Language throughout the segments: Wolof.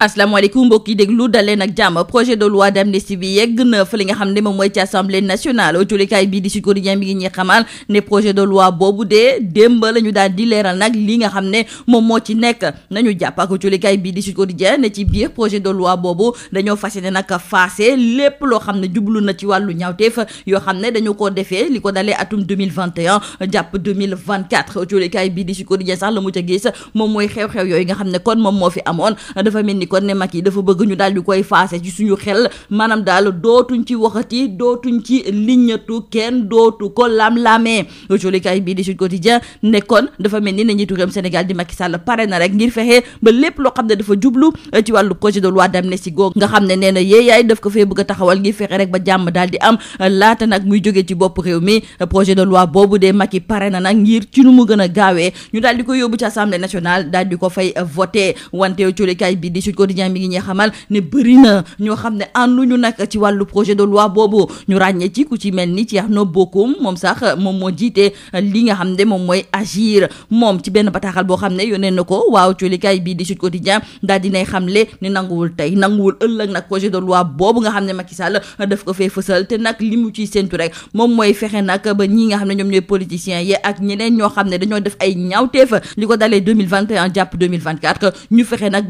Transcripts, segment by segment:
asalaamaaleykum mbokk yi déglu daleen ak jàmm projet de loi d'amnistie bi yegg na fa li nga xam ne moom mooy ci assemblée nationale autolikaay bii di Sud Quotidien bi ngi ñuy xamal ne projet boobu de démb la ñu daal di leeral nag li nga xam ne moom moo ci nekk nañu jàpp ak autolikaay bii di Sud Quotidien ne ci biir projet de loi boobu dañoo fas yéene nag faase lépp loo xam ne jublu na ci wàllu ñaawteef yoo xam ne dañu ko defee li ko dalee atum 2021 jàpp 2024 autolikaay bii di Sud Quotidien sax la mu ca gis moom mooy xew-xew yooyu nga xam ne kon moom moo fi amoon dafa mel ni kon ne yi dafa bëgg ñu daal di koy faase ci suñu xel maanaam daal dootuñ ci waxati dootuñ ci liñatu kenn dootu ko lam-lamee jolikaay bii di Sud Quotidien ne kon dafa mel ni ne njiitu réewum Sénégal di Macky Sall pare na rek ngir fexe ba lépp loo xam ne dafa jublu ci wàllu projet de loi d'amnistie googu nga xam ne nee na yeeyaay daf ko fee bëgg a taxawal ngir fexe rek ba jàmm daal di am laata nag muy jóge ci boppu réew mi projet de loi boobu dee Macky pare na nag ngir ci nu mu gën a gaawee ñu daal di ko yóbbu ci assemblée nationale daal di ko fay voté wante jolikaay bii di quotidien mi ngi xamal ne bëri ñoo xam ne ànduñu nag ci wàllu projet de loi boobu ñu ràññee ci ku ci mel ni Thierno Bocoum moom sax moom moo jiite li nga xam ne moom mooy agir moom ci benn bataaxal boo xam ne yónnee na ko waaw coolikaay bii di Sud Quotidien daal dinay xamle ne nanguwul tey nanguwul ëllëg nag projet de loi boobu nga xam ne Macky Sall daf ko fee fësal te nag li mu ciy séntu rek moom mooy fexe nag ba ñi nga xam ne ñoom ñooy politiciens yi ak ñeneen ñoo xam ne dañoo def ay ñaawteef li ko dalee 2021 jàpp 2024 ñu fexe nag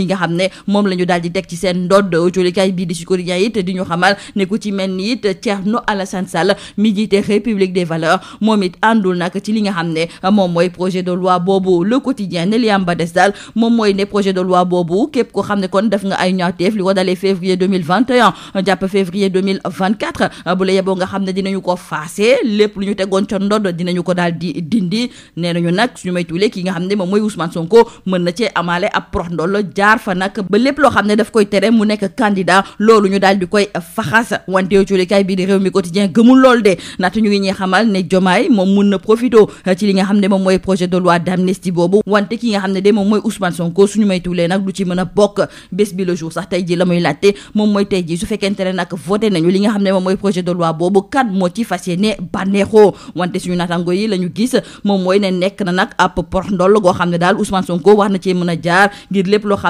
yi nga xam ne moom la ñu di teg ci seen ndodd jolikaay bii di si quotidien it di ñu xamal ne ci mel ni it Thierno Alassane Sall mi jiite république des valeurs moom it àndul nag ci li nga xam ne moom mooy projet de loi boobu le quotidien ne li am ba des daal moom mooy ne projet de loi boobu képp ko xam ne kon def nga ay ñaawteef li ko dalee février 2021 jàpp février bu la yeboo nga xam ne dinañu ko faase lépp lu ñu tegoon jaar fa nag ba lépp loo xam ne daf koy tere mu nekk candidat loolu ñu daal di koy faxas wante julikaay bii di réew mi quotidien gëmul lool de naata ñu ngi ñuy xamal ne Diomaye moom na profito li nga xam ne mooy projet de loi d'amnistie boobu ji la muy laajte moom mooy tey ji su fekkente ne nag voté nañu li nga xam ne moom mooy projet de loi boobu kat moo ci fas yéene bànneexoo wante suñu naataango yi la ñu gis moom mooy ne nekk na nag ab porox ndoll goo xam ne daal Ousmane Sonko war na cee mën a jaar ngir lépp loo xam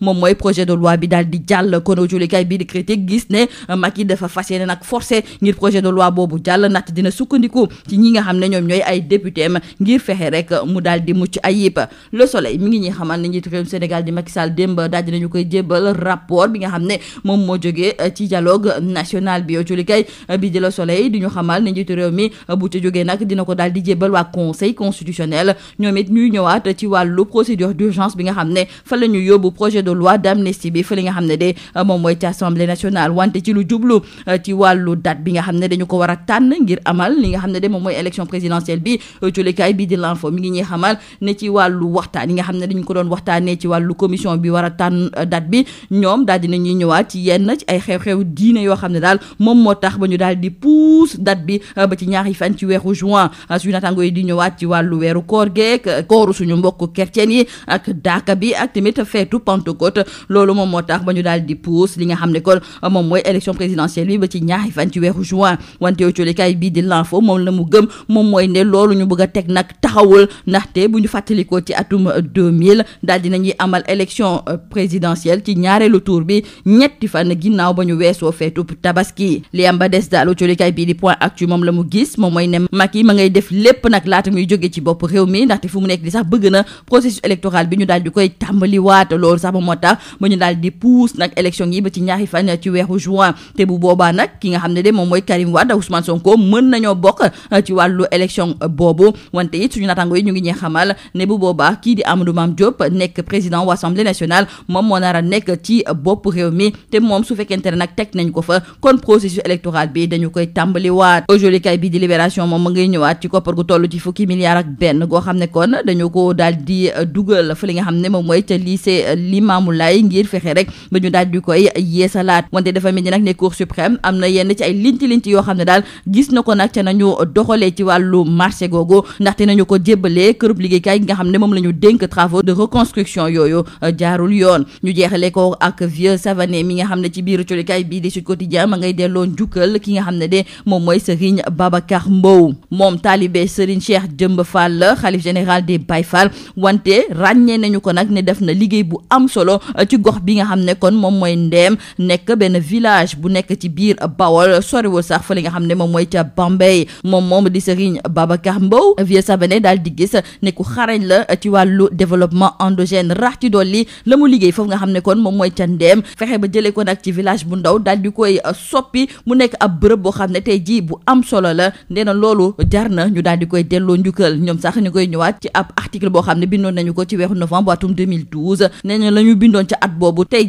moom mooy projet de loi bi daal di jàll kono julikaay bii di critique gis ne euh, Macky dafa fas yéene nag forcé ngir projet de loi boobu jàll ndaxte ñi nga xam ne ñoom ñooy ay député am ngir rek mu daal di mucc ayib le soleil mi ngi ñuy xamal ne njiitu réewum Sénégal di Macky Sall démb daal dinañu koy jébbal rapport bi nga xam ne moom moo jógee euh, ci dialogue national bi julikaay euh, bi di le di ñu xamal ne njiitu réew mi bu ca jógee nag dina ko daal di jébbal waa conseil constitutionnel ñoom it ñuy ñëwaat ci wàllu procédure d'urgence bi nga xam ne fa la yóbbu projet de loi d'amnistie bi fële nga xam ne de euh, moom mooy ci assemblée nationale wante ci lu jublu euh, ci wàllu date bi nga xam ne dañu ko war a tànn ngir amal li nga xam ne de moom mooy élection présidentielle bi euh, julikaay bi di l'info mi ngi ñuy nga xam ne dañu ko doon waxtaanee ci wàllu commission bi war a tànn date bi ñoom daal dina ñuy ñëwaat ci yenn ci ay xew-xew diine yoo xam ne daal moom moo tax ba ñu daal di puus date bi ba ci ñaari fan ci weexu juin suñu natango yi di ñëwaat ci wàllu weeru koor geek kooru suñu mbokk kerceen yi ak daaka bi ak tamit feetu Pentecôte loolu moom moo tax ba ñu daal di pousse li nga xam ne kon moom mooy élection présidentielle bi ba ci ñaari fan ci weeru juin wante yow colikaay bii di l'info la mu gëm moom ñu amal élection euh, présidentielle ci ñaareelu tour bi ñetti fan ginnaaw ba ñu weesoo feetu tabaski li am ba des daal colikaay bii di point actu moom la mu gis moom mooy ne Macky ma ngay def lépp nag laata muy jóge ci bopp réew mi ndaxte fu mu nekk di sax bëgg na processus électoral bi ñu daal di koy tàmbaliwaat loolu sax sax ba moo tax ba ñu daal di puus nag élection yi ba ci ñaari fan ci weeru juin te bu boobaa nag ki nga xam ne de moom mooy Karim Wade Ousmane Sonko mën nañoo ngi ñee a ci bopp réew mi te moom su fekkente nag teg nañ ko fa kon processus électoral bi dañu koy tàmbaliwaat aujourd'hui kay bi di moom mu ngi ñëwaat ci koppar gu toll ci fukki milliards ak benn goo xam ne kon dañu ko daal dugal fa li nga xam ne moom mooy ca lycée Limamou Laye ngir fexe rek ba ñu daal di koy yeesalaat wante dafa mel nag ne cour suprême am na yenn ci ay linti linti yoo xam ne daal gis na ko nag ca nañu doxalee ci wàllu marché googu ndaxte nga xam ne moom la ñu dénk travaux de reconstruction yooyu euh, jaarul yoon ñu jeexale ko ak vieux mi nga xam ne ci biir colikaay bii di Sud Quotidien ma ngay delloo njukkal ki nga ne moom mooy Serigne Babacar Mbow moom taalibe Serigne Cheikh Jëmb Fall xalif général des Baye Fall wante ràññee nañu ko nag ne def na liggéey bu am solo eh, ci gox bi nga xam ne kon moom mooy ndem nekk benn village bu nekk ci biir Bawol soriwul sax fa li nga xam ne moom mooy ca Bambey moom moom di Serigne Babacar Mbow Vieux Savané daal di gis ne ku xarañ la ci wàllu développement endogène rax ci dolli la mu liggéey foofu nga xam ne kon moom mooy ca Ndeem fexe ba jëlee ko nag ci village bu ndaw daal di koy eh, soppi mu nekk ab bërëb boo xam ne tey jii bu am solo la nee na loolu jar na ñu daal di koy delloo njukkal ñoom sax ñu koy ñëwaat ci ab article boo xam ne bindoon nañu ko ci weexu novembre atum 2012 nee na la ñu a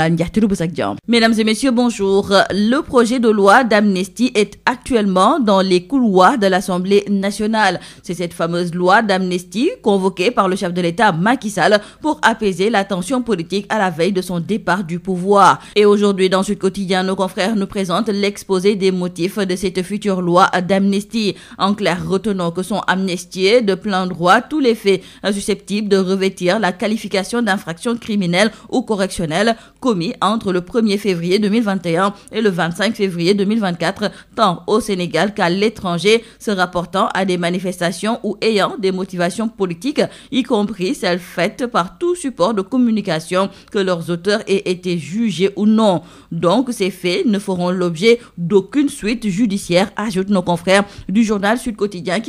a mesdames et messieurs bonjour le projet de loi d'amnistie est actuellement dans les couloirs de l'Assemblée nationale c'est cette fameuse loi d'amnistie convoquée par le chef de l'État Macky pour apaiser la politique à la veille de son départ du pouvoir et aujourd'hui dans Sud Quotidien nos confrères nous présentent l'exposé des motifs de cette future loi d'amnistie en clair retenons que sont amnistiés de plein droit renvoie tous les faits susceptibles de revêtir la qualification d'infraction criminelle ou correctionnelle commis entre le 1er février 2021 et le 25 février 2024, tant au Sénégal qu'à l'étranger, se rapportant à des manifestations ou ayant des motivations politiques, y compris celles faites par tout support de communication que leurs auteurs aient été jugés ou non. Donc ces faits ne feront l'objet d'aucune suite judiciaire, ajoutent nos confrères du journal Sud Quotidien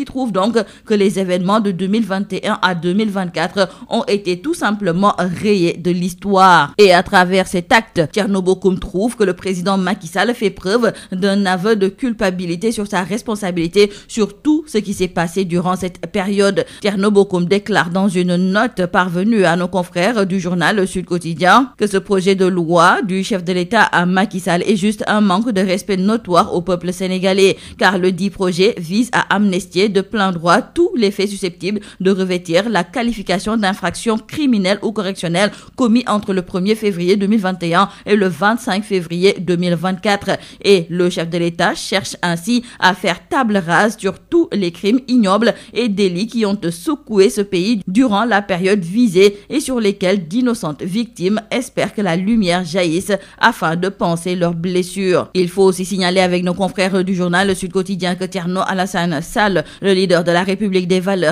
2021 à 2024 ont été tout simplement rayés de l'histoire. Et à travers cet acte, Tchernobokoum trouve que le président Macky fait preuve d'un aveu de culpabilité sur sa responsabilité sur tout ce qui s'est passé durant cette période. Tchernobokoum déclare dans une note parvenue à nos confrères du journal Sud Quotidien que ce projet de loi du chef de l'État à Macky est juste un manque de respect notoire au peuple sénégalais, car le projet vise à amnestier de passible de revêtir la qualification d'infraction criminelle ou correctionnelle commis entre le er février et le février Et le chef de l'État cherche ainsi à faire table rase sur tous les crimes ignobles et délits qui ont secoué ce pays durant la période visée et sur lesquels d'innocentes victimes espèrent que la lumière jaillisse afin de penser leurs blessures. Il faut aussi signaler avec nos confrères du journal Sud Quotidien que Tierno Alassane la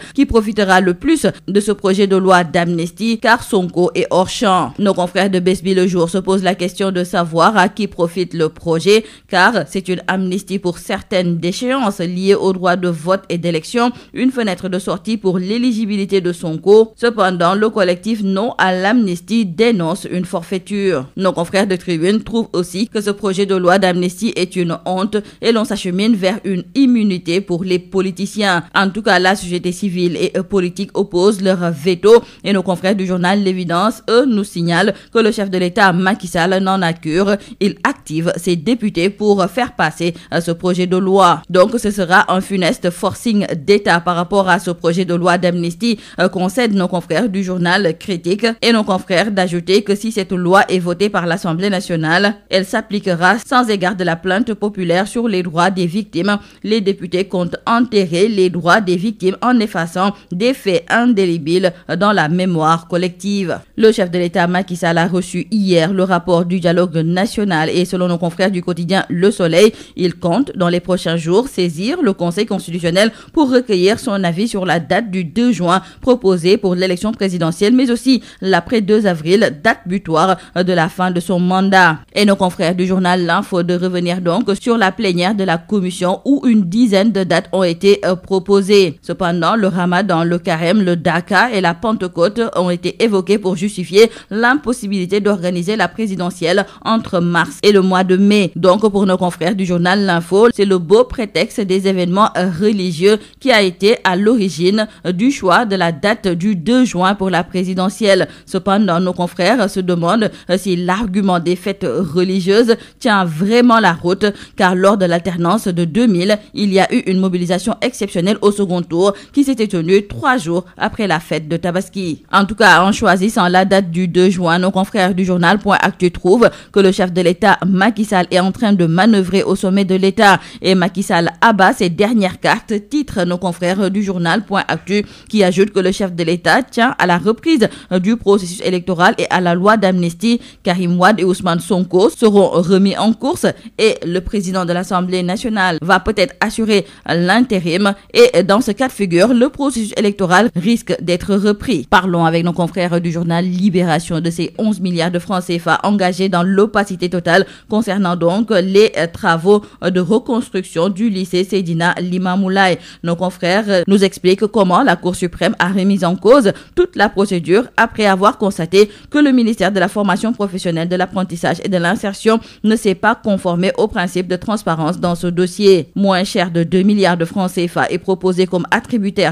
qui profitera le plus de ce projet de loi d'amnistie car Sonko est hors champ. Nos confrères de Besby le se posent la question de savoir à qui profite le projet car c'est une amnistie pour certaines déchéances liées au droit de vote et d'élection, une fenêtre de sortie pour l'éligibilité de Sonko. Cependant, le collectif non à l'amnistie dénonce une forfaiture. Nos confrères de Tribune trouvent aussi que ce projet de loi d'amnistie est une honte civile et politique opposent leur veto et nos confrères du journal L'Évidence, eux, nous signalent que le chef de l'État, Macky n'en a Il active ses députés pour faire passer euh, ce projet de loi. Donc ce sera un funeste forcing d'État par rapport à ce projet de loi d'amnistie, euh, concèdent nos confrères du journal Critique et nos confrères d'ajouter que si cette loi est votée par l'Assemblée nationale, elle s'appliquera sans égard de la plainte populaire façon des faits indélébiles dans la mémoire collective. Le chef de l'État Macky a reçu hier le rapport du dialogue national et selon nos confrères du quotidien Le Soleil, il compte dans les prochains jours saisir le Conseil constitutionnel pour recueillir son avis sur la date du juin proposée pour l'élection présidentielle mais aussi laprès avril, date butoir de la fin de son mandat. Et nos confrères du journal L'Info de revenir donc sur la plénière Ramadan, le carême, le Dakar et la Pentecôte ont été évoqués pour justifier l'impossibilité d'organiser la présidentielle entre mars et le mois de mai. Donc pour nos confrères du journal L'Info, c'est le beau prétexte des événements religieux qui a été à l'origine du choix de la date du 2 juin pour la présidentielle. Cependant, nos confrères se demandent si l'argument des fêtes religieuses tient vraiment la route car lors de l'alternance de il y a eu une été tenue trois jours après la fête de Tabaski. En tout cas, en choisissant la date du 2 juin, nos confrères du journal Point Actu trouvent que le chef de l'État, Macky Sall, est en train de manœuvrer au sommet de l'État et Macky Sall abat ses dernières cartes, titre nos confrères du journal Point Actu qui ajoute que le chef de l'État tient à la reprise du processus électoral et à la loi d'amnistie. Karim Wade et Ousmane Sonko seront remis en course et le président de l'Assemblée peut-être assurer l'intérim et dans le processus électoral risque d'être repris. Parlons avec nos confrères du journal Libération de ces milliards de francs CFA engagés dans l'opacité totale concernant donc les euh, travaux euh, de reconstruction du lycée Seydina Limamoulaye. Nos confrères euh, nous expliquent comment la Cour suprême a remis en cause toute la procédure après avoir constaté que le ministère de la formation professionnelle, de l'apprentissage et de l'insertion ne s'est pas conformé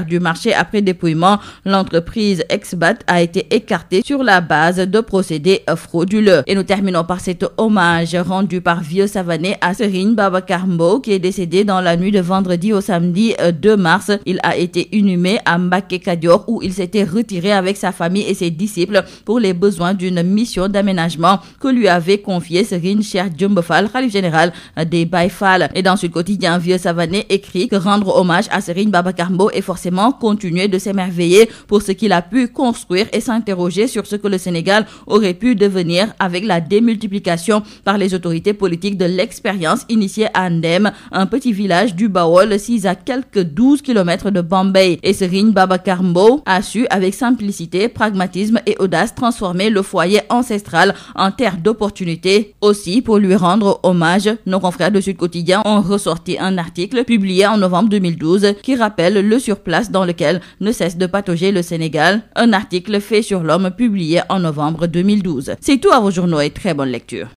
tiers du marché après dépouillement. L'entreprise Exbat a été écartée sur la base de procédés frauduleux. Et nous terminons par cet hommage rendu par Vieux Savané à Serine Babakarmbo qui est décédé dans la nuit de vendredi au samedi euh, mars. Il a été inhumé à Mbake où il s'était retiré avec sa famille et ses disciples pour les besoins d'une mission d'aménagement que lui avait confiée Serine Cher Djumbofal, Khalif général des Baïfal. Et dans ce quotidien, forcément continuer de s'émerveiller pour ce qu'il a pu construire et s'interroger sur ce que le Sénégal aurait pu devenir avec la démultiplication par les autorités politiques de l'expérience initiée à Ndem, un petit village du Baol situé à quelques 12 kilomètres de Bombay. Et Serigne Babacar a su avec simplicité, pragmatisme et audace transformer le foyer ancestral en terre d'opportunités. Aussi, pour lui rendre hommage, nos confrères de Sud Quotidien ont ressorti un article publié en novembre 2012 qui place dans lequel ne cesse de patauger le Sénégal, un article fait sur l'homme publié en novembre 2012. C'est tout à vos journaux et très bonne lecture.